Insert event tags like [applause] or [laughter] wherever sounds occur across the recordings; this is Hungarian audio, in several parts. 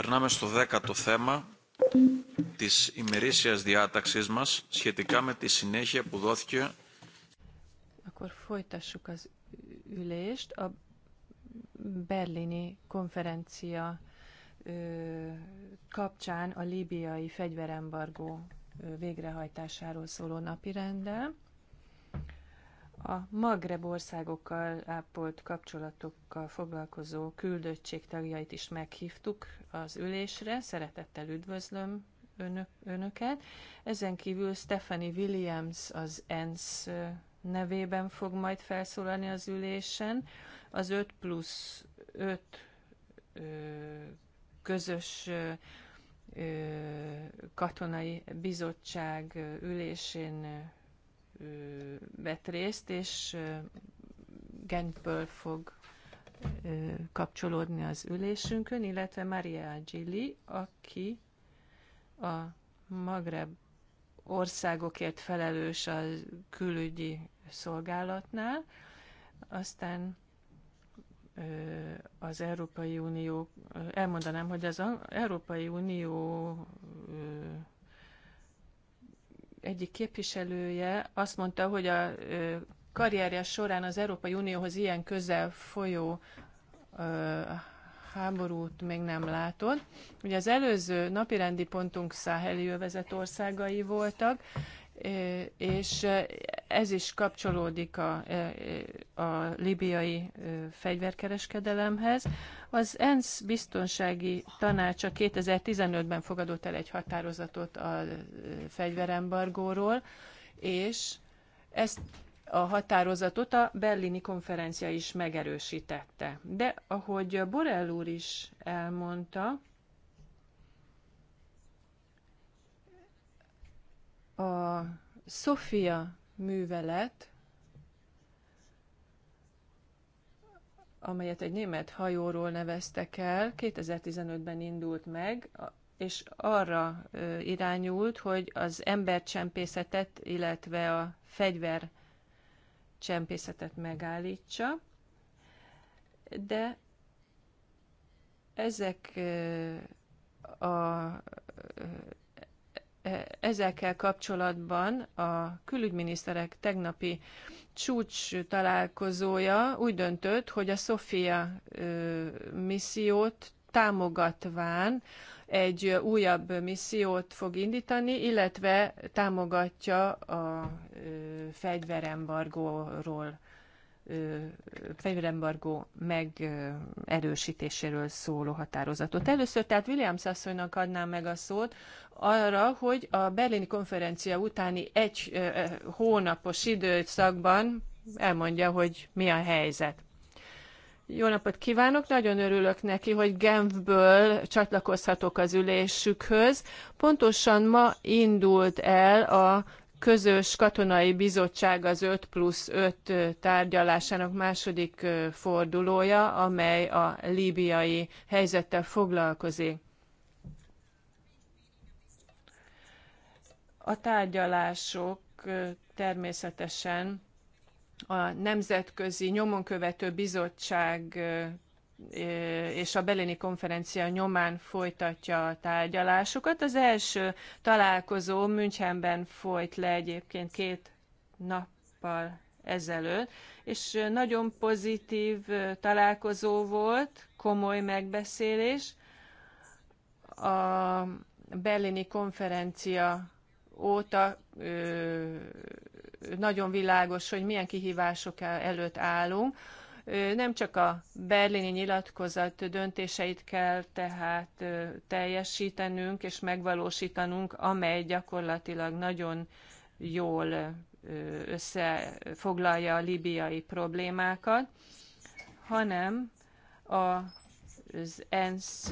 Περνάμε στο δέκατο θέμα της ημερήσιας διάταξής μας σχετικά με τη συνέχεια που δόθηκε. Akkor folytassuk az ülést a berlini konferencia ö, kapcsán a líbiai fegyverembargó végrehajtásáról szóló napirenddel a Magreb országokkal ápolt kapcsolatokkal foglalkozó küldöttség tagjait is meghívtuk az ülésre. Szeretettel üdvözlöm önök, önöket. Ezen kívül Stephanie Williams az ENSZ nevében fog majd felszólalni az ülésen. Az 5 plusz 5 ö, közös ö, katonai bizottság ülésén vett részt, és Genfből fog kapcsolódni az ülésünkön, illetve Maria Gili, aki a Magreb országokért felelős a külügyi szolgálatnál, aztán az Európai Unió, elmondanám, hogy az Európai Unió egyik képviselője azt mondta, hogy a karrierje során az Európai Unióhoz ilyen közel folyó háborút még nem látott. Ugye az előző napirendi pontunk száheli övezet országai voltak, és ez is kapcsolódik a, a libiai fegyverkereskedelemhez. Az ENSZ biztonsági tanácsa 2015-ben fogadott el egy határozatot a fegyverembargóról, és ezt a határozatot a berlini konferencia is megerősítette. De ahogy Borrell úr is elmondta, A Sofia művelet, amelyet egy német hajóról neveztek el, 2015-ben indult meg, és arra irányult, hogy az embercsempészetet, illetve a fegyvercsempészetet megállítsa, de ezek a ezekkel kapcsolatban a külügyminiszterek tegnapi csúcs találkozója úgy döntött, hogy a Sofia missziót támogatván egy újabb missziót fog indítani, illetve támogatja a fegyverembargóról fegyverembargó megerősítéséről szóló határozatot. Először tehát Williams asszonynak adnám meg a szót arra, hogy a berlini konferencia utáni egy ö, hónapos időszakban elmondja, hogy mi a helyzet. Jó napot kívánok, nagyon örülök neki, hogy Genfből csatlakozhatok az ülésükhöz. Pontosan ma indult el a közös katonai bizottság az 5 plusz 5 tárgyalásának második fordulója, amely a líbiai helyzettel foglalkozik. A tárgyalások természetesen a Nemzetközi Nyomonkövető Bizottság és a Beléni konferencia nyomán folytatja a tárgyalásokat. Az első találkozó Münchenben folyt le egyébként két nappal ezelőtt, és nagyon pozitív találkozó volt, komoly megbeszélés. A berlini konferencia óta ö, nagyon világos, hogy milyen kihívások előtt állunk. Nem csak a berlini nyilatkozat döntéseit kell tehát teljesítenünk és megvalósítanunk, amely gyakorlatilag nagyon jól összefoglalja a libiai problémákat, hanem az ENSZ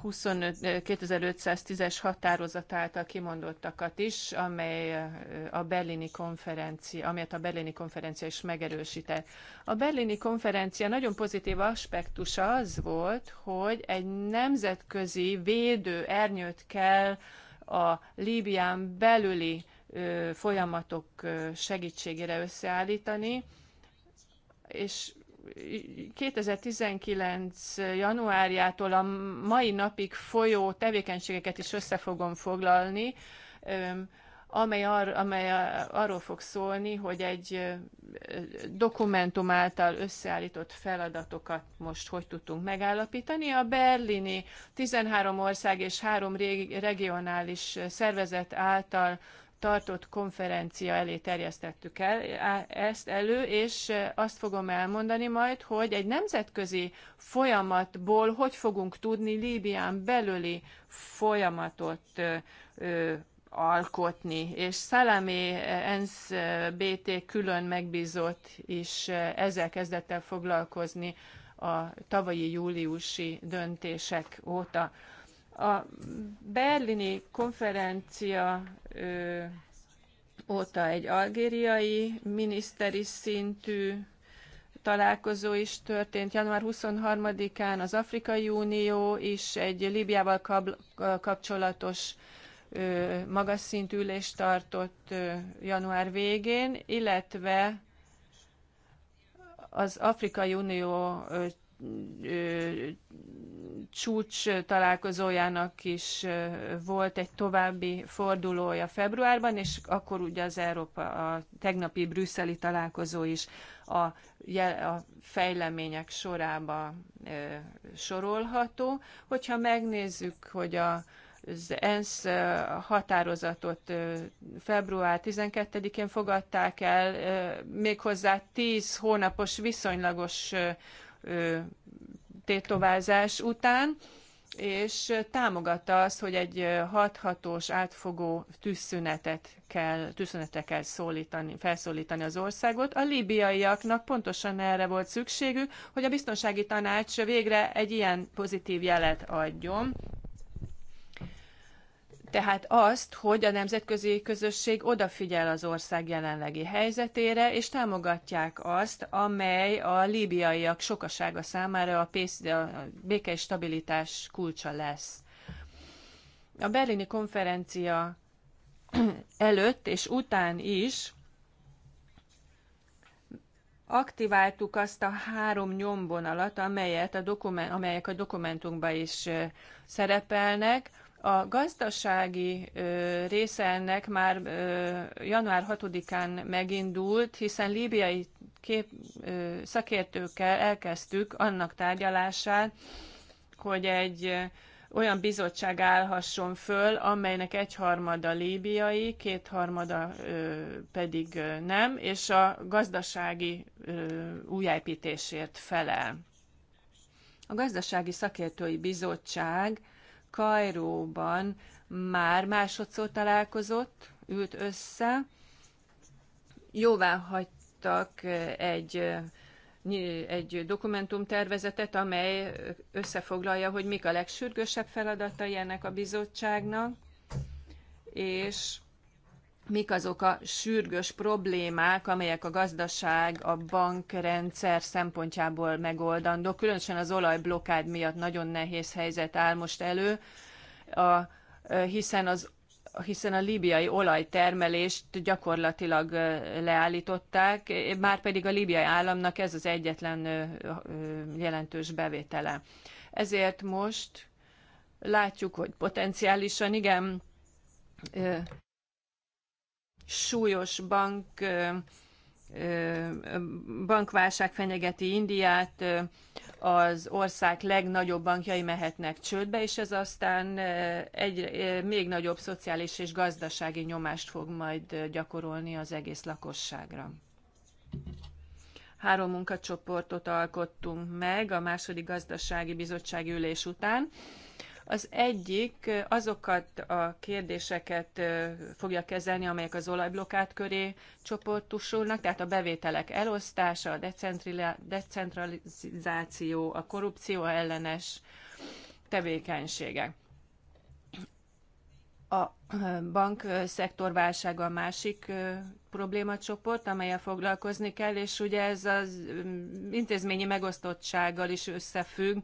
25, 2510-es határozat által kimondottakat is, amely a berlini konferencia, amelyet a berlini konferencia is megerősített. A berlini konferencia nagyon pozitív aspektusa az volt, hogy egy nemzetközi védő ernyőt kell a Líbián belüli folyamatok segítségére összeállítani, és 2019. januárjától a mai napig folyó tevékenységeket is össze fogom foglalni, amely, ar, amely arról fog szólni, hogy egy dokumentum által összeállított feladatokat most hogy tudtunk megállapítani. A berlini 13 ország és 3 regionális szervezet által tartott konferencia elé terjesztettük el ezt elő, és azt fogom elmondani majd, hogy egy nemzetközi folyamatból hogy fogunk tudni Líbián belüli folyamatot alkotni. És Szalamé ENSZ BT külön megbízott is ezzel kezdett el foglalkozni a tavalyi júliusi döntések óta. A berlini konferencia ö, óta egy algériai miniszteri szintű találkozó is történt. Január 23-án az Afrikai Unió is egy Líbiával kapcsolatos ö, magas szintű ülést tartott ö, január végén, illetve az Afrikai Unió csúcs találkozójának is volt egy további fordulója februárban, és akkor ugye az Európa, a tegnapi brüsszeli találkozó is a, a fejlemények sorába sorolható. Hogyha megnézzük, hogy a, az ENSZ határozatot február 12-én fogadták el, méghozzá 10 hónapos viszonylagos tétovázás után, és támogatta azt, hogy egy hathatós átfogó tűzszünetet kell, tűzszünetre kell szólítani, felszólítani az országot. A líbiaiaknak pontosan erre volt szükségük, hogy a biztonsági tanács végre egy ilyen pozitív jelet adjon tehát azt, hogy a nemzetközi közösség odafigyel az ország jelenlegi helyzetére, és támogatják azt, amely a líbiaiak sokasága számára a, pész, a béke és stabilitás kulcsa lesz. A berlini konferencia [clears throat] előtt és után is aktiváltuk azt a három nyomvonalat, amelyet a dokument, amelyek a dokumentumban is szerepelnek, a gazdasági része ennek már január 6-án megindult, hiszen líbiai kép, szakértőkkel elkezdtük annak tárgyalását, hogy egy olyan bizottság állhasson föl, amelynek egyharmada líbiai, kétharmada pedig nem, és a gazdasági újjáépítésért felel. A gazdasági szakértői bizottság Kajróban már másodszor találkozott, ült össze, jóvá hagytak egy egy dokumentumtervezetet, amely összefoglalja, hogy mik a legsürgősebb feladatai ennek a bizottságnak, és mik azok a sürgős problémák, amelyek a gazdaság, a bankrendszer szempontjából megoldandó. Különösen az olajblokád miatt nagyon nehéz helyzet áll most elő, a, hiszen az hiszen a libiai olajtermelést gyakorlatilag leállították, már pedig a libiai államnak ez az egyetlen jelentős bevétele. Ezért most látjuk, hogy potenciálisan igen súlyos bank bankválság fenyegeti Indiát, az ország legnagyobb bankjai mehetnek csődbe, és ez aztán egy még nagyobb szociális és gazdasági nyomást fog majd gyakorolni az egész lakosságra. Három munkacsoportot alkottunk meg a második gazdasági bizottsági ülés után. Az egyik azokat a kérdéseket fogja kezelni, amelyek az olajblokkát köré csoportosulnak, tehát a bevételek elosztása, a decentralizáció, a korrupció ellenes tevékenységek. A bankszektor válsága a másik problémacsoport, amelyel foglalkozni kell, és ugye ez az intézményi megosztottsággal is összefügg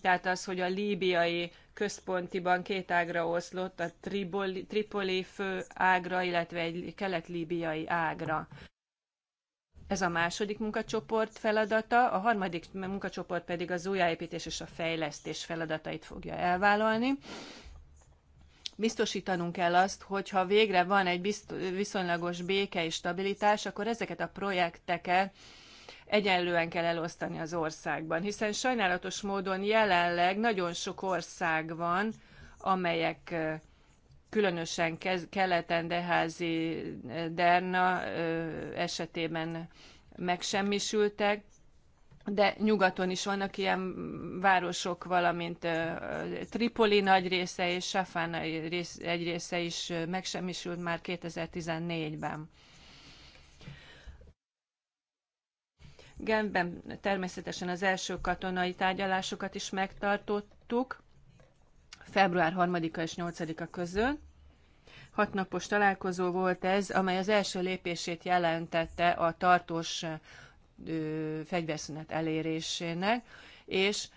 tehát az, hogy a líbiai központiban két ágra oszlott, a Triboli, Tripoli fő ágra, illetve egy kelet-líbiai ágra. Ez a második munkacsoport feladata, a harmadik munkacsoport pedig az újjáépítés és a fejlesztés feladatait fogja elvállalni. Biztosítanunk kell azt, hogy ha végre van egy viszonylagos béke és stabilitás, akkor ezeket a projekteket egyenlően kell elosztani az országban, hiszen sajnálatos módon jelenleg nagyon sok ország van, amelyek különösen keleten deházi Derna esetében megsemmisültek, de nyugaton is vannak ilyen városok, valamint Tripoli nagy része és Safana rész, egy része is megsemmisült már 2014-ben. Genben természetesen az első katonai tárgyalásokat is megtartottuk, február 3-a és 8-a között. Hatnapos találkozó volt ez, amely az első lépését jelentette a tartós ö, fegyverszünet elérésének, és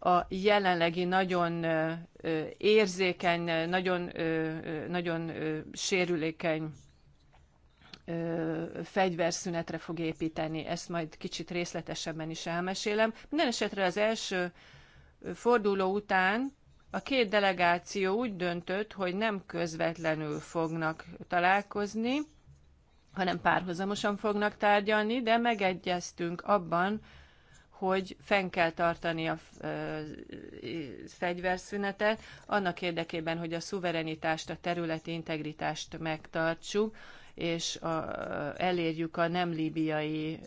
a jelenlegi nagyon érzékeny, nagyon, nagyon sérülékeny fegyverszünetre fog építeni. Ezt majd kicsit részletesebben is elmesélem. Minden esetre az első forduló után a két delegáció úgy döntött, hogy nem közvetlenül fognak találkozni, hanem párhuzamosan fognak tárgyalni, de megegyeztünk abban, hogy fenn kell tartani a fegyverszünetet, annak érdekében, hogy a szuverenitást, a területi integritást megtartsuk, és a, elérjük a nem líbiai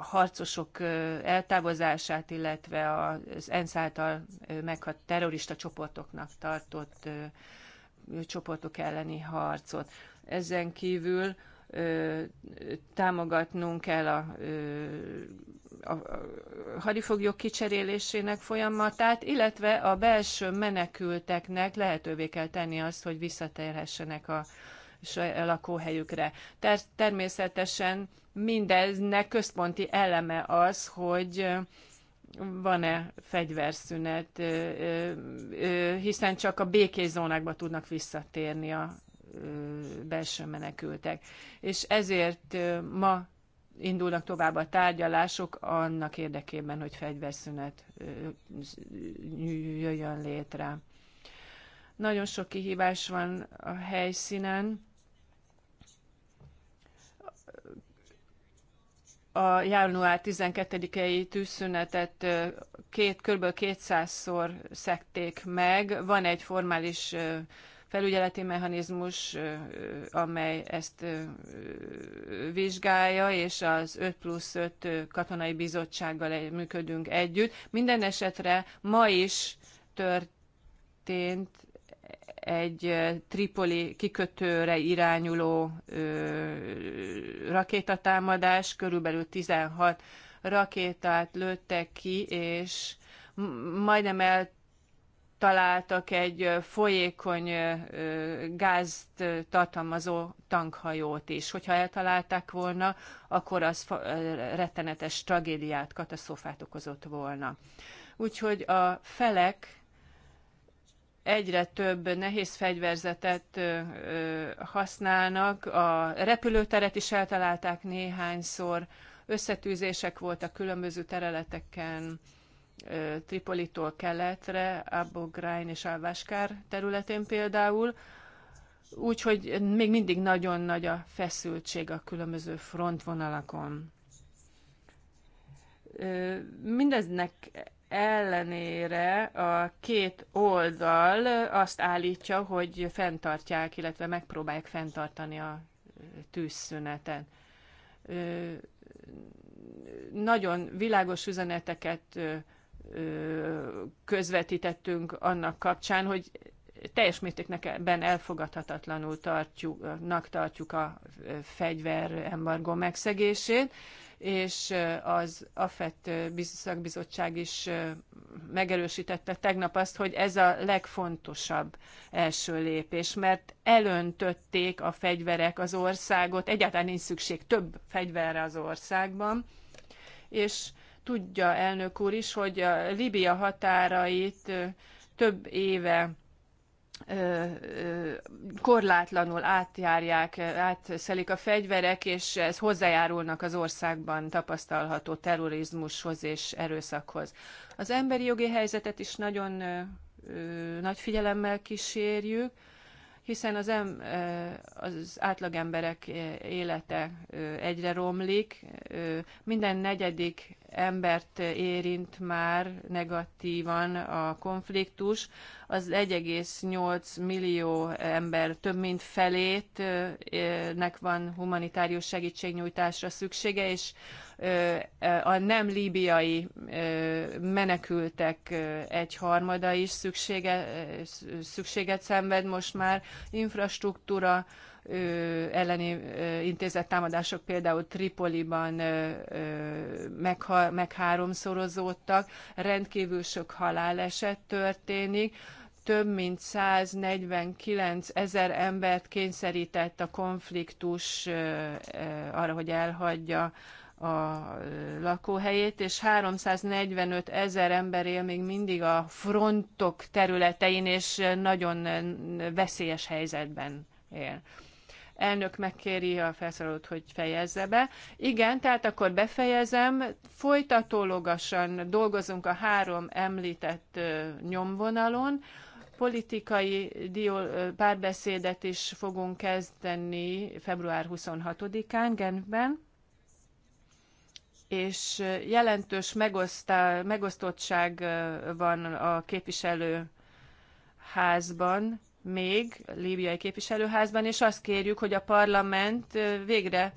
harcosok eltávozását, illetve az ENSZ által meghat terrorista csoportoknak tartott csoportok elleni harcot. Ezen kívül támogatnunk kell a, a, a hadifoglyok kicserélésének folyamatát, illetve a belső menekülteknek lehetővé kell tenni azt, hogy visszatérhessenek a lakóhelyükre. Ter- természetesen mindeznek központi eleme az, hogy van-e fegyverszünet, hiszen csak a békézónákba tudnak visszatérni a belső menekültek. És ezért ma indulnak tovább a tárgyalások annak érdekében, hogy fegyverszünet jöjjön létre. Nagyon sok kihívás van a helyszínen, a január 12-i tűzszünetet két, kb. 200-szor szekték meg. Van egy formális felügyeleti mechanizmus, amely ezt vizsgálja, és az 5 plusz 5 katonai bizottsággal működünk együtt. Minden esetre ma is történt egy Tripoli kikötőre irányuló rakétatámadás, körülbelül 16 rakétát lőttek ki, és majdnem eltaláltak egy folyékony gázt tartalmazó tankhajót is. Hogyha eltalálták volna, akkor az rettenetes tragédiát, katasztrófát okozott volna. Úgyhogy a felek egyre több nehéz fegyverzetet használnak, a repülőteret is eltalálták néhányszor, összetűzések voltak különböző területeken, Tripolitól keletre, Abu Ghraib és Alváskár területén például, úgyhogy még mindig nagyon nagy a feszültség a különböző frontvonalakon. Mindeznek ellenére a két oldal azt állítja, hogy fenntartják, illetve megpróbálják fenntartani a tűzszünetet. Nagyon világos üzeneteket közvetítettünk annak kapcsán, hogy teljes mértékben elfogadhatatlanul tartjuk, tartjuk a fegyverembargó megszegését, és az AFET szakbizottság is megerősítette tegnap azt, hogy ez a legfontosabb első lépés, mert elöntötték a fegyverek az országot, egyáltalán nincs szükség több fegyverre az országban, és tudja elnök úr is, hogy a Libia határait több éve korlátlanul átjárják, átszelik a fegyverek, és ez hozzájárulnak az országban tapasztalható terrorizmushoz és erőszakhoz. Az emberi jogi helyzetet is nagyon nagy figyelemmel kísérjük hiszen az, em, az átlagemberek élete egyre romlik, minden negyedik embert érint már negatívan a konfliktus, az 1,8 millió ember több mint felétnek van humanitárius segítségnyújtásra szüksége, és a nem líbiai menekültek egyharmada is szüksége, szükséget szenved most már, infrastruktúra, elleni intézett támadások például Tripoliban megháromszorozódtak, rendkívül sok haláleset történik, több mint 149 ezer embert kényszerített a konfliktus arra, hogy elhagyja a lakóhelyét, és 345 ezer ember él még mindig a frontok területein, és nagyon veszélyes helyzetben él. Elnök megkéri a felszólalót, hogy fejezze be. Igen, tehát akkor befejezem. Folytatólogosan dolgozunk a három említett nyomvonalon politikai párbeszédet is fogunk kezdeni február 26-án Genfben és jelentős megosztá, megosztottság van a képviselőházban, még líbiai képviselőházban, és azt kérjük, hogy a parlament végre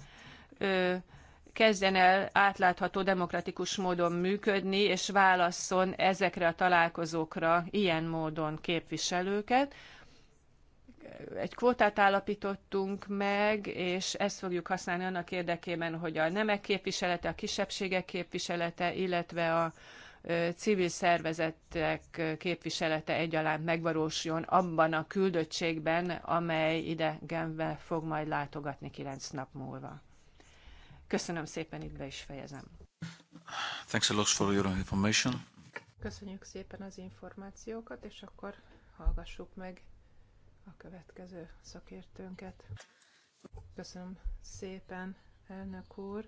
kezdjen el átlátható demokratikus módon működni, és válasszon ezekre a találkozókra ilyen módon képviselőket egy kvótát állapítottunk meg, és ezt fogjuk használni annak érdekében, hogy a nemek képviselete, a kisebbségek képviselete, illetve a civil szervezetek képviselete egyaránt megvalósuljon abban a küldöttségben, amely ide Genve fog majd látogatni kilenc nap múlva. Köszönöm szépen, itt be is fejezem. Thanks a lot for your information. Köszönjük szépen az információkat, és akkor hallgassuk meg a következő szakértőnket. Köszönöm szépen, elnök úr.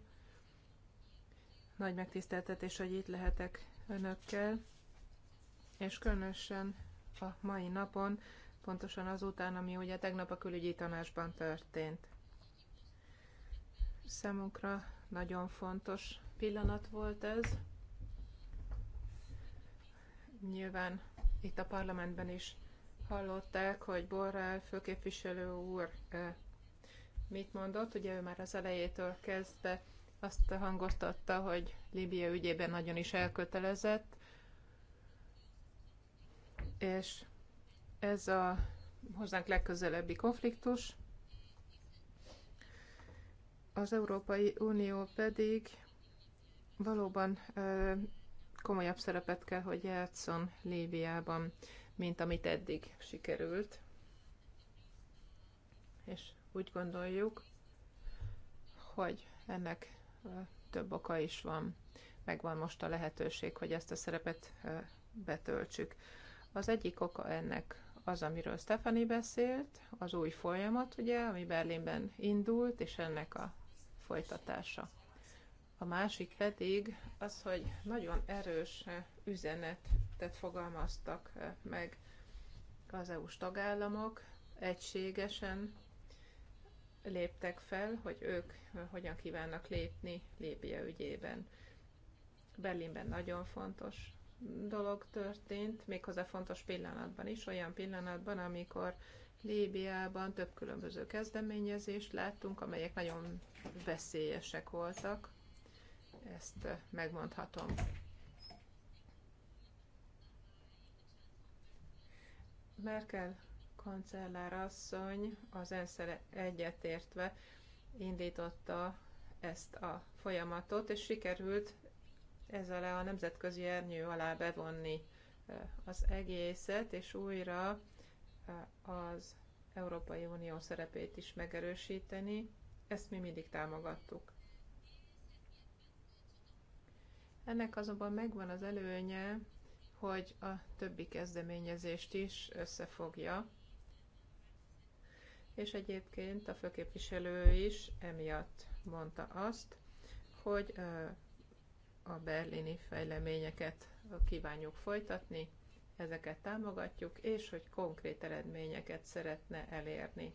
Nagy megtiszteltetés, hogy itt lehetek önökkel, és különösen a mai napon, pontosan azután, ami ugye tegnap a külügyi tanácsban történt. Számunkra nagyon fontos pillanat volt ez. Nyilván itt a parlamentben is Hallották, hogy Borrell főképviselő úr mit mondott, ugye ő már az elejétől kezdve azt hangoztatta, hogy Líbia ügyében nagyon is elkötelezett, és ez a hozzánk legközelebbi konfliktus. Az Európai Unió pedig valóban komolyabb szerepet kell, hogy játszon Líbiában mint amit eddig sikerült. És úgy gondoljuk, hogy ennek több oka is van. Megvan most a lehetőség, hogy ezt a szerepet betöltsük. Az egyik oka ennek az, amiről Stefani beszélt, az új folyamat, ugye, ami Berlinben indult, és ennek a folytatása. A másik pedig az, hogy nagyon erős üzenet projektet fogalmaztak meg az EU-s tagállamok, egységesen léptek fel, hogy ők hogyan kívánnak lépni Líbia ügyében. Berlinben nagyon fontos dolog történt, méghozzá fontos pillanatban is, olyan pillanatban, amikor Líbiában több különböző kezdeményezést láttunk, amelyek nagyon veszélyesek voltak. Ezt megmondhatom. Merkel kancellár asszony az ENSZ egyetértve indította ezt a folyamatot, és sikerült ezzel a nemzetközi ernyő alá bevonni az egészet, és újra az Európai Unió szerepét is megerősíteni. Ezt mi mindig támogattuk. Ennek azonban megvan az előnye, hogy a többi kezdeményezést is összefogja, és egyébként a főképviselő is emiatt mondta azt, hogy a berlini fejleményeket kívánjuk folytatni, ezeket támogatjuk, és hogy konkrét eredményeket szeretne elérni.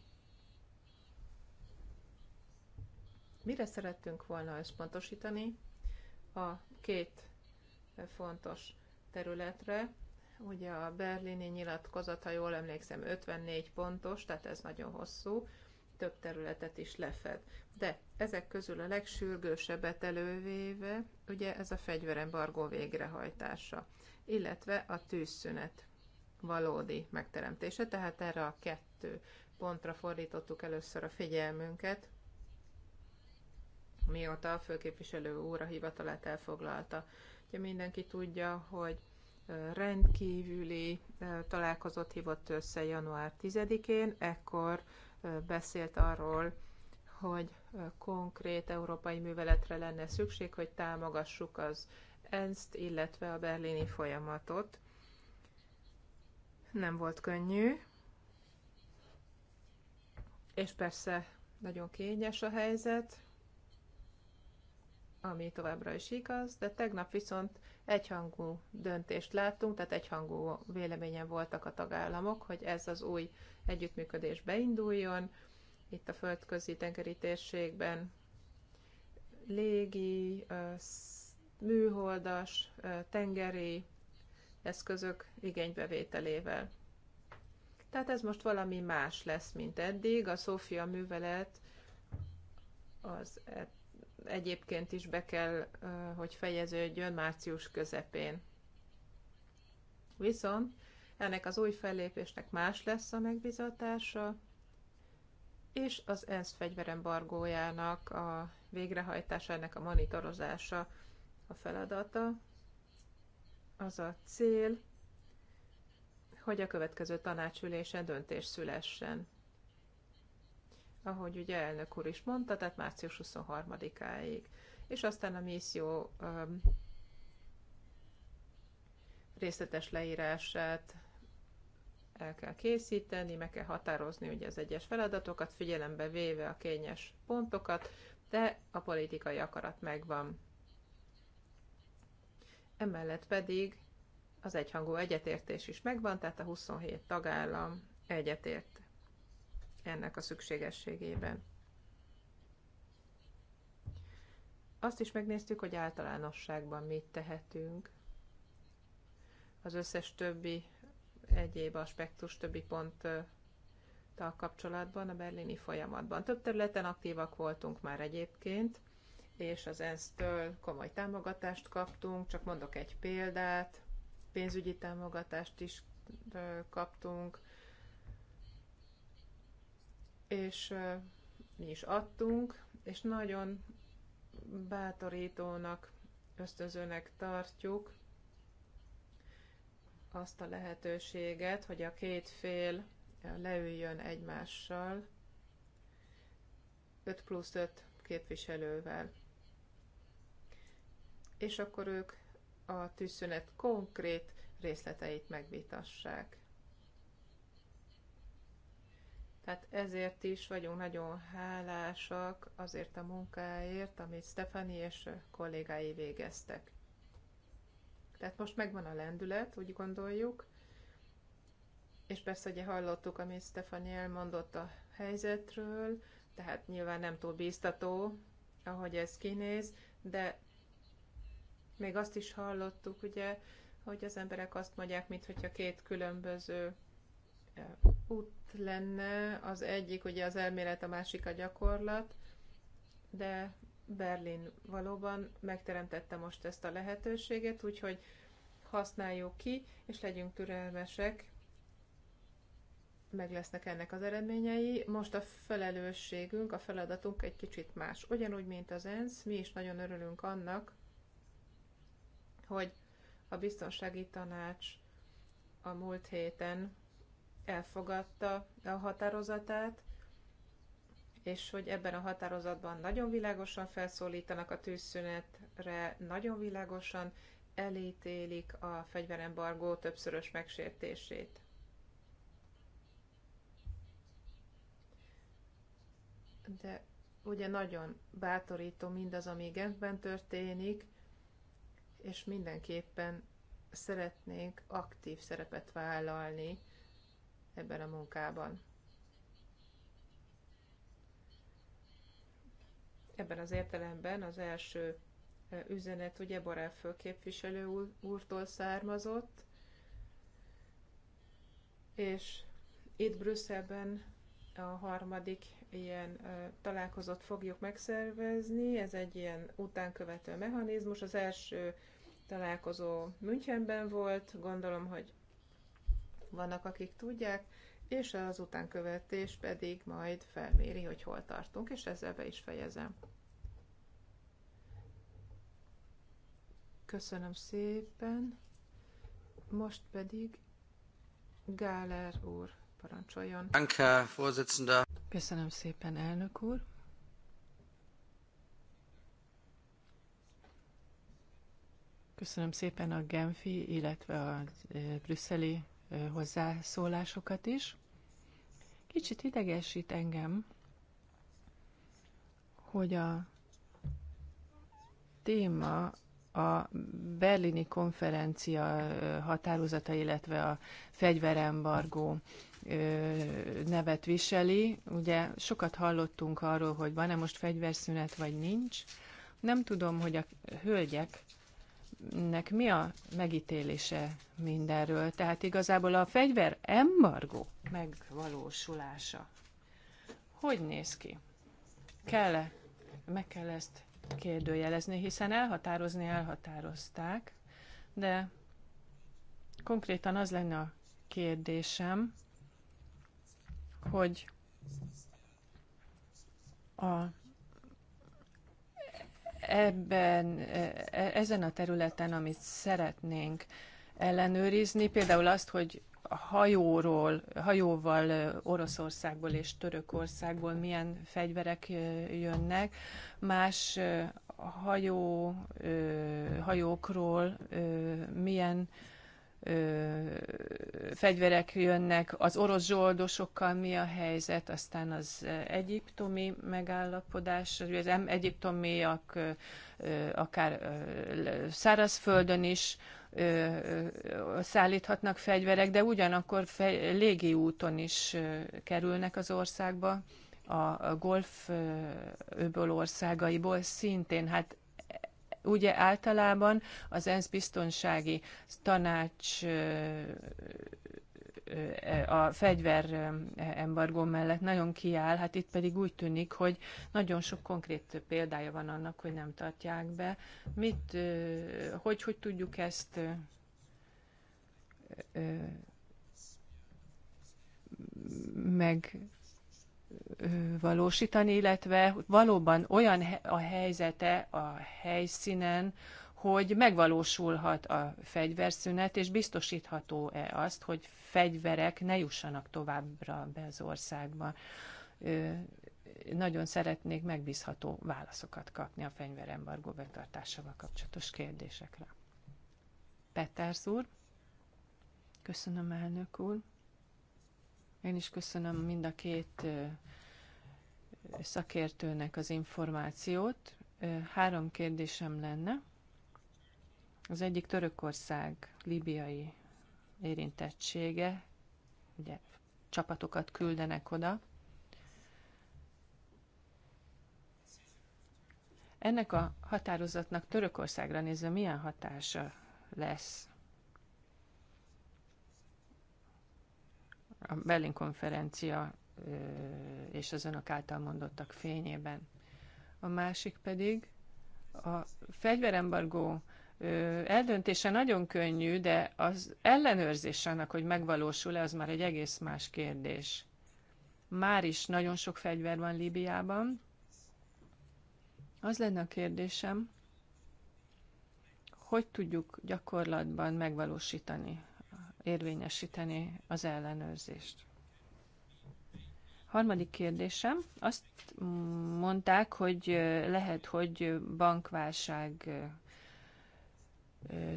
Mire szerettünk volna összpontosítani? A két fontos területre. Ugye a berlini nyilatkozat, ha jól emlékszem, 54 pontos, tehát ez nagyon hosszú, több területet is lefed. De ezek közül a legsürgősebbet elővéve, ugye ez a fegyverembargó végrehajtása, illetve a tűzszünet valódi megteremtése, tehát erre a kettő pontra fordítottuk először a figyelmünket, mióta a főképviselő úr a hivatalát elfoglalta. Ugye mindenki tudja, hogy rendkívüli találkozót hívott össze január 10-én, ekkor beszélt arról, hogy konkrét európai műveletre lenne szükség, hogy támogassuk az ENSZ-t, illetve a berlini folyamatot. Nem volt könnyű, és persze nagyon kényes a helyzet, ami továbbra is igaz, de tegnap viszont egyhangú döntést láttunk, tehát egyhangú véleményen voltak a tagállamok, hogy ez az új együttműködés beinduljon itt a földközi tengeri térségben. Légi, műholdas, tengeri eszközök igénybevételével. Tehát ez most valami más lesz, mint eddig. A Szófia művelet az egyébként is be kell, hogy fejeződjön március közepén. Viszont ennek az új fellépésnek más lesz a megbizatása, és az ENSZ fegyverembargójának a végrehajtásának a monitorozása a feladata. Az a cél, hogy a következő tanácsülésen döntés szülessen ahogy ugye elnök úr is mondta, tehát március 23-áig. És aztán a misszió um, részletes leírását el kell készíteni, meg kell határozni ugye az egyes feladatokat, figyelembe véve a kényes pontokat, de a politikai akarat megvan. Emellett pedig az egyhangú egyetértés is megvan, tehát a 27 tagállam egyetért ennek a szükségességében. Azt is megnéztük, hogy általánosságban mit tehetünk. Az összes többi egyéb aspektus, többi pont kapcsolatban, a berlini folyamatban. Több területen aktívak voltunk már egyébként, és az ENSZ-től komoly támogatást kaptunk, csak mondok egy példát, pénzügyi támogatást is kaptunk, és mi is adtunk, és nagyon bátorítónak, ösztözőnek tartjuk azt a lehetőséget, hogy a két fél leüljön egymással, 5 plusz 5 képviselővel. És akkor ők a tűzszünet konkrét részleteit megvitassák. Tehát ezért is vagyunk nagyon hálásak azért a munkáért, amit Stefani és kollégái végeztek. Tehát most megvan a lendület, úgy gondoljuk, és persze ugye hallottuk, amit Stefani elmondott a helyzetről, tehát nyilván nem túl bíztató, ahogy ez kinéz, de még azt is hallottuk, ugye, hogy az emberek azt mondják, mintha két különböző eh, út lenne, az egyik ugye az elmélet, a másik a gyakorlat, de Berlin valóban megteremtette most ezt a lehetőséget, úgyhogy használjuk ki, és legyünk türelmesek, meg lesznek ennek az eredményei. Most a felelősségünk, a feladatunk egy kicsit más. Ugyanúgy, mint az ENSZ, mi is nagyon örülünk annak, hogy a biztonsági tanács a múlt héten elfogadta a határozatát, és hogy ebben a határozatban nagyon világosan felszólítanak a tűzszünetre, nagyon világosan elítélik a fegyverembargó többszörös megsértését. De ugye nagyon bátorító mindaz, ami Genfben történik, és mindenképpen szeretnénk aktív szerepet vállalni ebben a munkában. Ebben az értelemben az első üzenet ugye Borel képviselő úrtól származott, és itt Brüsszelben a harmadik ilyen találkozót fogjuk megszervezni. Ez egy ilyen utánkövető mechanizmus. Az első találkozó Münchenben volt, gondolom, hogy vannak akik tudják, és az utánkövetés pedig majd felméri, hogy hol tartunk, és ezzel be is fejezem. Köszönöm szépen. Most pedig Gáler úr parancsoljon. Köszönöm szépen, elnök úr. Köszönöm szépen a Genfi, illetve a eh, brüsszeli hozzászólásokat is. Kicsit idegesít engem, hogy a téma a berlini konferencia határozata, illetve a fegyverembargó nevet viseli. Ugye sokat hallottunk arról, hogy van-e most fegyverszünet, vagy nincs. Nem tudom, hogy a hölgyek nek mi a megítélése mindenről? Tehát igazából a fegyver embargó megvalósulása. Hogy néz ki? kell -e? Meg kell ezt kérdőjelezni, hiszen elhatározni elhatározták, de konkrétan az lenne a kérdésem, hogy a ebben, e, e, ezen a területen, amit szeretnénk ellenőrizni, például azt, hogy hajóról, hajóval e, Oroszországból és Törökországból milyen fegyverek jönnek, más hajó, hajókról milyen fegyverek jönnek, az orosz zsoldosokkal mi a helyzet, aztán az egyiptomi megállapodás, az egyiptomiak akár szárazföldön is szállíthatnak fegyverek, de ugyanakkor légi úton is kerülnek az országba, a golf öböl országaiból szintén. Hát Ugye általában az ENSZ biztonsági tanács a fegyver embargó mellett nagyon kiáll, hát itt pedig úgy tűnik, hogy nagyon sok konkrét példája van annak, hogy nem tartják be. Mit, hogy, hogy tudjuk ezt meg valósítani, illetve valóban olyan a helyzete a helyszínen, hogy megvalósulhat a fegyverszünet, és biztosítható-e azt, hogy fegyverek ne jussanak továbbra be az országba. Nagyon szeretnék megbízható válaszokat kapni a fegyverembargó betartásával kapcsolatos kérdésekre. Peters úr, köszönöm elnök úr. Én is köszönöm mind a két szakértőnek az információt. Három kérdésem lenne. Az egyik Törökország libiai érintettsége, ugye csapatokat küldenek oda. Ennek a határozatnak Törökországra nézve milyen hatása lesz? a Berlin konferencia és az önök által mondottak fényében. A másik pedig a fegyverembargó eldöntése nagyon könnyű, de az ellenőrzés annak, hogy megvalósul-e, az már egy egész más kérdés. Már is nagyon sok fegyver van Líbiában. Az lenne a kérdésem, hogy tudjuk gyakorlatban megvalósítani érvényesíteni az ellenőrzést. Harmadik kérdésem. Azt mondták, hogy lehet, hogy bankválság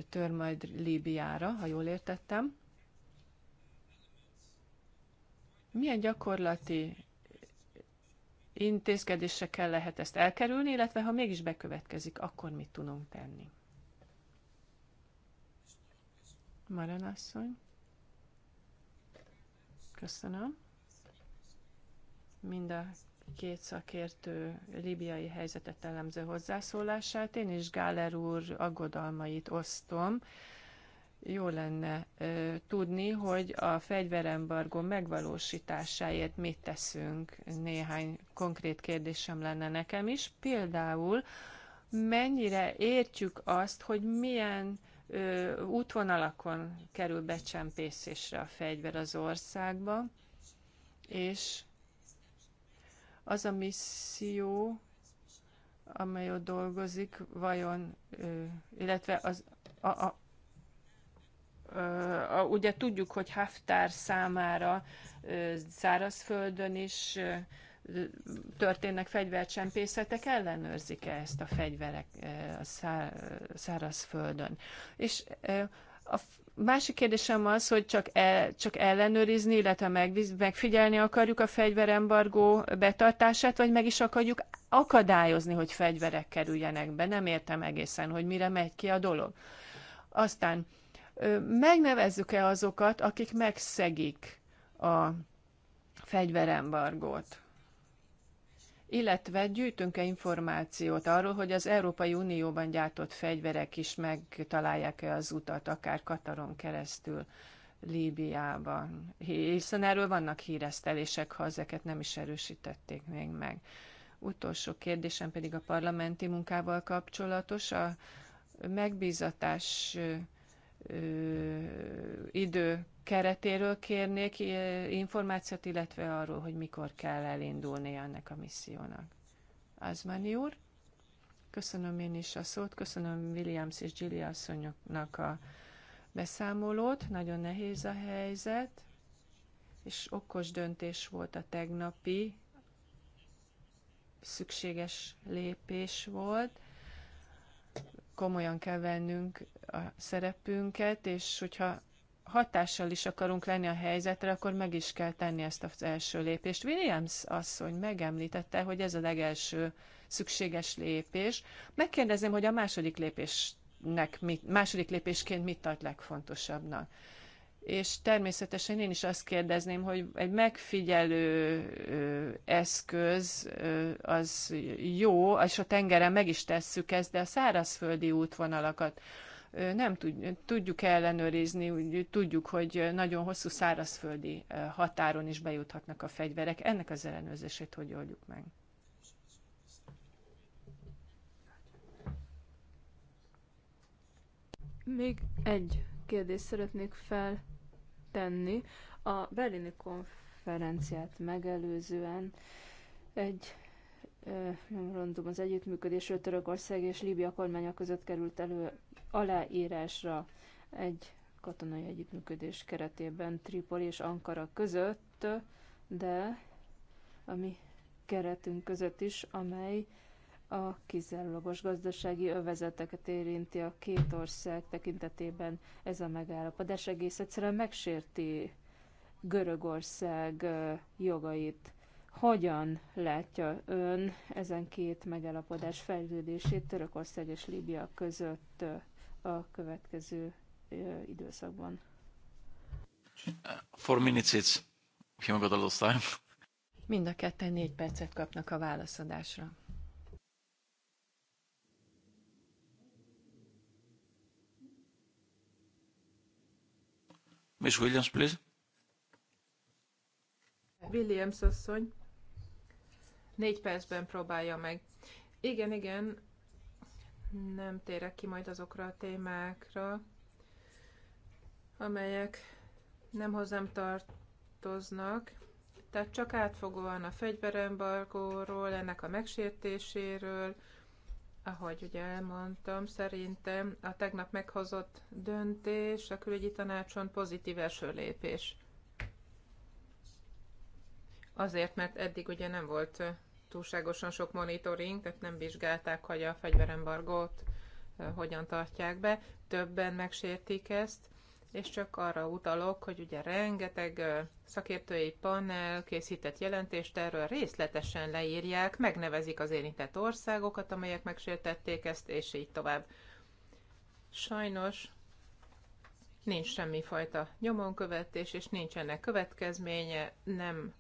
tör majd Líbiára, ha jól értettem. Milyen gyakorlati intézkedésekkel lehet ezt elkerülni, illetve ha mégis bekövetkezik, akkor mit tudunk tenni? Maren asszony. Köszönöm. Mind a két szakértő libiai helyzetet elemző hozzászólását. Én is Gáler úr aggodalmait osztom. Jó lenne ö, tudni, hogy a fegyverembargó megvalósításáért mit teszünk. Néhány konkrét kérdésem lenne nekem is. Például, mennyire értjük azt, hogy milyen ö, útvonalakon kerül becsempészésre a fegyver az országba, és az a misszió, amely ott dolgozik, vajon, ö, illetve az, a, a, a, ugye tudjuk, hogy Haftár számára szárazföldön is történnek fegyvercsempészetek, ellenőrzik -e ezt a fegyverek eh, a szárazföldön. És eh, a másik kérdésem az, hogy csak, el, csak ellenőrizni, illetve megviz, megfigyelni akarjuk a fegyverembargó betartását, vagy meg is akarjuk akadályozni, hogy fegyverek kerüljenek be. Nem értem egészen, hogy mire megy ki a dolog. Aztán megnevezzük-e azokat, akik megszegik a fegyverembargót? illetve gyűjtünk-e információt arról, hogy az Európai Unióban gyártott fegyverek is megtalálják-e az utat, akár Kataron keresztül Líbiában, hiszen erről vannak híresztelések, ha ezeket nem is erősítették még meg. Utolsó kérdésem pedig a parlamenti munkával kapcsolatos. A megbízatás ö, idő keretéről kérnék információt, illetve arról, hogy mikor kell elindulni ennek a missziónak. Azmani úr, köszönöm én is a szót, köszönöm Williams és Gilly asszonyoknak a beszámolót, nagyon nehéz a helyzet, és okos döntés volt a tegnapi, szükséges lépés volt, komolyan kell vennünk a szerepünket, és hogyha hatással is akarunk lenni a helyzetre, akkor meg is kell tenni ezt az első lépést. Williams asszony megemlítette, hogy ez a legelső szükséges lépés. Megkérdezem, hogy a második lépésnek, mit, második lépésként mit tart legfontosabbnak? És természetesen én is azt kérdezném, hogy egy megfigyelő eszköz az jó, és a tengeren meg is tesszük ezt, de a szárazföldi útvonalakat nem tudjuk ellenőrizni, tudjuk, hogy nagyon hosszú szárazföldi határon is bejuthatnak a fegyverek. Ennek az ellenőrzését hogy oldjuk meg? Még egy kérdést szeretnék feltenni. A berlini konferenciát megelőzően egy memorandum az együttműködésről Törökország és Líbia kormánya között került elő aláírásra egy katonai együttműködés keretében Tripoli és Ankara között, de a mi keretünk között is, amely a kizárólagos gazdasági övezeteket érinti a két ország tekintetében ez a megállapodás egész egyszerűen megsérti Görögország jogait hogyan látja ön ezen két megállapodás fejlődését Törökország és Líbia között a következő időszakban? Four minutes it's himagadolos time. Mind a ketten négy percet kapnak a válaszadásra. Miss Williams, please. Williams asszony. Négy percben próbálja meg. Igen, igen, nem térek ki majd azokra a témákra, amelyek nem hozzám tartoznak. Tehát csak átfogóan a fegyverembargóról, ennek a megsértéséről, ahogy ugye elmondtam, szerintem a tegnap meghozott döntés a külügyi tanácson pozitív első lépés. Azért, mert eddig ugye nem volt túlságosan sok monitoring, tehát nem vizsgálták, hogy a fegyverembargót hogyan tartják be. Többen megsértik ezt, és csak arra utalok, hogy ugye rengeteg szakértői panel készített jelentést erről részletesen leírják, megnevezik az érintett országokat, amelyek megsértették ezt, és így tovább. Sajnos nincs semmifajta nyomonkövetés, és nincs ennek következménye, nem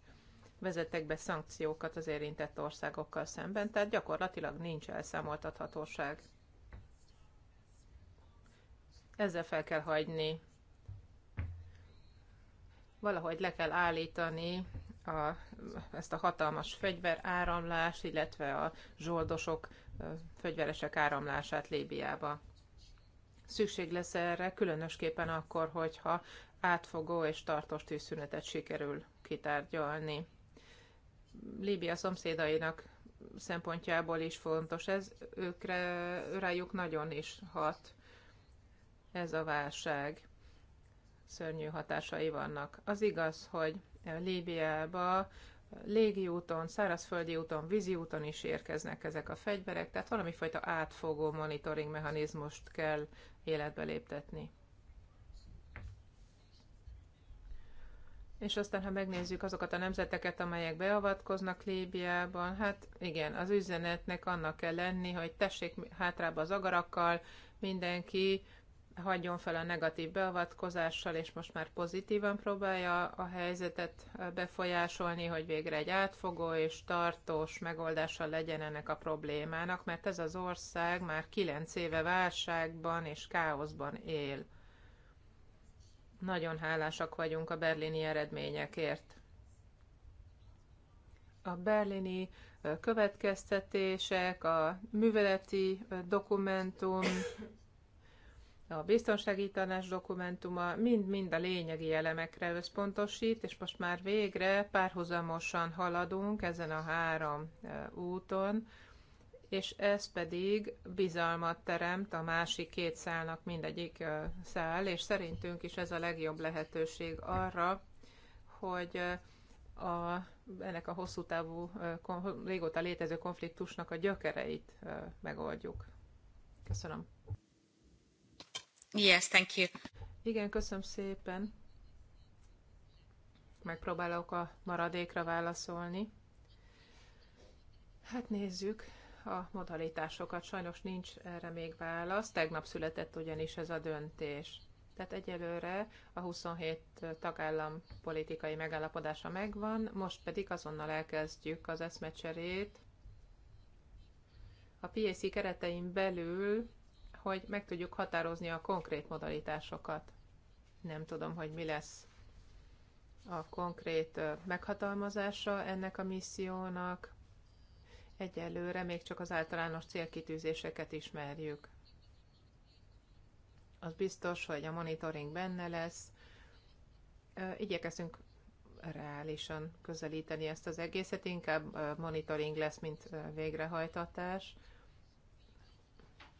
vezettek be szankciókat az érintett országokkal szemben, tehát gyakorlatilag nincs elszámoltathatóság. Ezzel fel kell hagyni. Valahogy le kell állítani a, ezt a hatalmas fegyveráramlást, illetve a zsoldosok, fegyveresek áramlását Líbiába. Szükség lesz erre, különösképpen akkor, hogyha átfogó és tartós tűzszünetet sikerül kitárgyalni. Líbia szomszédainak szempontjából is fontos ez, őkre, rájuk nagyon is hat ez a válság. Szörnyű hatásai vannak. Az igaz, hogy Líbiába légi úton, szárazföldi úton, vízi úton is érkeznek ezek a fegyverek, tehát valami fajta átfogó monitoring mechanizmust kell életbe léptetni. És aztán, ha megnézzük azokat a nemzeteket, amelyek beavatkoznak Líbiában, hát igen, az üzenetnek annak kell lenni, hogy tessék hátrába az agarakkal, mindenki hagyjon fel a negatív beavatkozással, és most már pozitívan próbálja a helyzetet befolyásolni, hogy végre egy átfogó és tartós megoldása legyen ennek a problémának, mert ez az ország már kilenc éve válságban és káoszban él. Nagyon hálásak vagyunk a berlini eredményekért. A berlini következtetések, a műveleti dokumentum, a biztonsági tanás dokumentuma mind-mind a lényegi elemekre összpontosít, és most már végre párhuzamosan haladunk ezen a három úton, és ez pedig bizalmat teremt a másik két szálnak mindegyik szál, és szerintünk is ez a legjobb lehetőség arra, hogy a, ennek a hosszú távú, régóta létező konfliktusnak a gyökereit megoldjuk. Köszönöm. Yes, thank you. Igen, köszönöm szépen. Megpróbálok a maradékra válaszolni. Hát nézzük, a modalitásokat. Sajnos nincs erre még válasz, tegnap született ugyanis ez a döntés. Tehát egyelőre a 27 tagállam politikai megállapodása megvan, most pedig azonnal elkezdjük az eszmecserét a PAC keretein belül, hogy meg tudjuk határozni a konkrét modalitásokat. Nem tudom, hogy mi lesz a konkrét meghatalmazása ennek a missziónak, Egyelőre még csak az általános célkitűzéseket ismerjük. Az biztos, hogy a monitoring benne lesz. Igyekezünk reálisan közelíteni ezt az egészet, inkább monitoring lesz, mint végrehajtatás.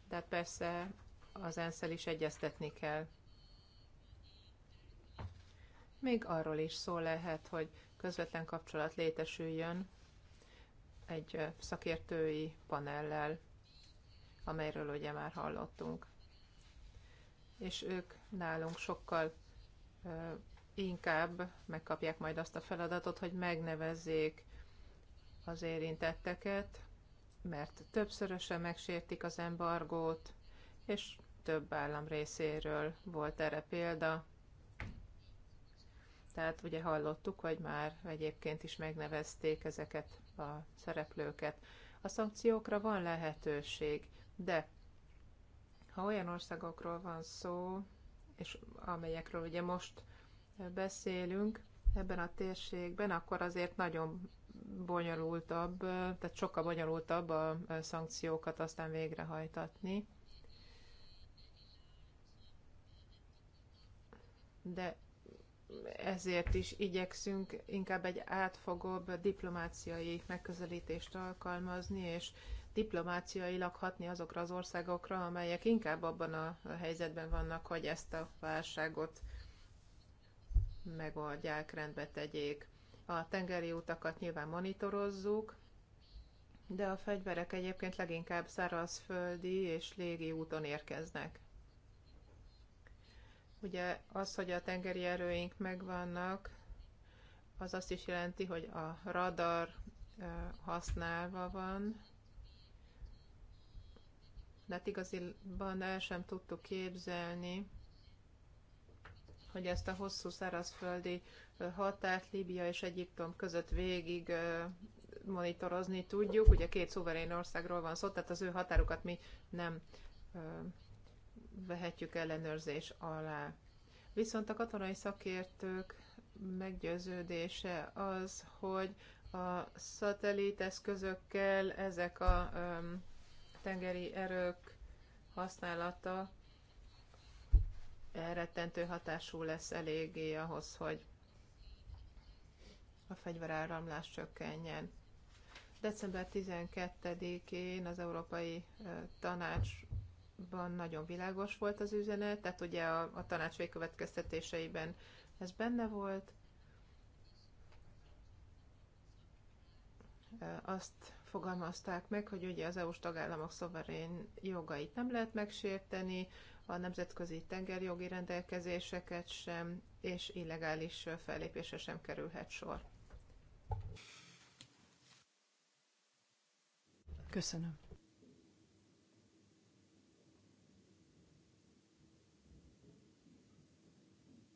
Tehát persze az ensz is egyeztetni kell. Még arról is szó lehet, hogy közvetlen kapcsolat létesüljön egy szakértői panellel, amelyről ugye már hallottunk. És ők nálunk sokkal inkább megkapják majd azt a feladatot, hogy megnevezzék az érintetteket, mert többszörösen megsértik az embargót, és több állam részéről volt erre példa, tehát ugye hallottuk, hogy már egyébként is megnevezték ezeket a szereplőket. A szankciókra van lehetőség, de ha olyan országokról van szó, és amelyekről ugye most beszélünk ebben a térségben, akkor azért nagyon bonyolultabb, tehát sokkal bonyolultabb a szankciókat aztán végrehajtatni. De ezért is igyekszünk inkább egy átfogóbb diplomáciai megközelítést alkalmazni, és diplomáciailag hatni azokra az országokra, amelyek inkább abban a helyzetben vannak, hogy ezt a válságot megoldják, rendbe tegyék. A tengeri utakat nyilván monitorozzuk, de a fegyverek egyébként leginkább szárazföldi és légi úton érkeznek. Ugye az, hogy a tengeri erőink megvannak, az azt is jelenti, hogy a radar használva van, de hát igaziban el sem tudtuk képzelni, hogy ezt a hosszú szárazföldi határt Líbia és Egyiptom között végig monitorozni tudjuk. Ugye két szuverén országról van szó, tehát az ő határukat mi nem vehetjük ellenőrzés alá. Viszont a katonai szakértők meggyőződése az, hogy a szatellit eszközökkel ezek a um, tengeri erők használata elrettentő hatású lesz eléggé ahhoz, hogy a fegyveráramlás csökkenjen. December 12-én az Európai Tanács ban nagyon világos volt az üzenet, tehát ugye a, a tanács végkövetkeztetéseiben ez benne volt. Azt fogalmazták meg, hogy ugye az EU-s tagállamok szoverén jogait nem lehet megsérteni, a nemzetközi tengerjogi rendelkezéseket sem, és illegális fellépése sem kerülhet sor. Köszönöm.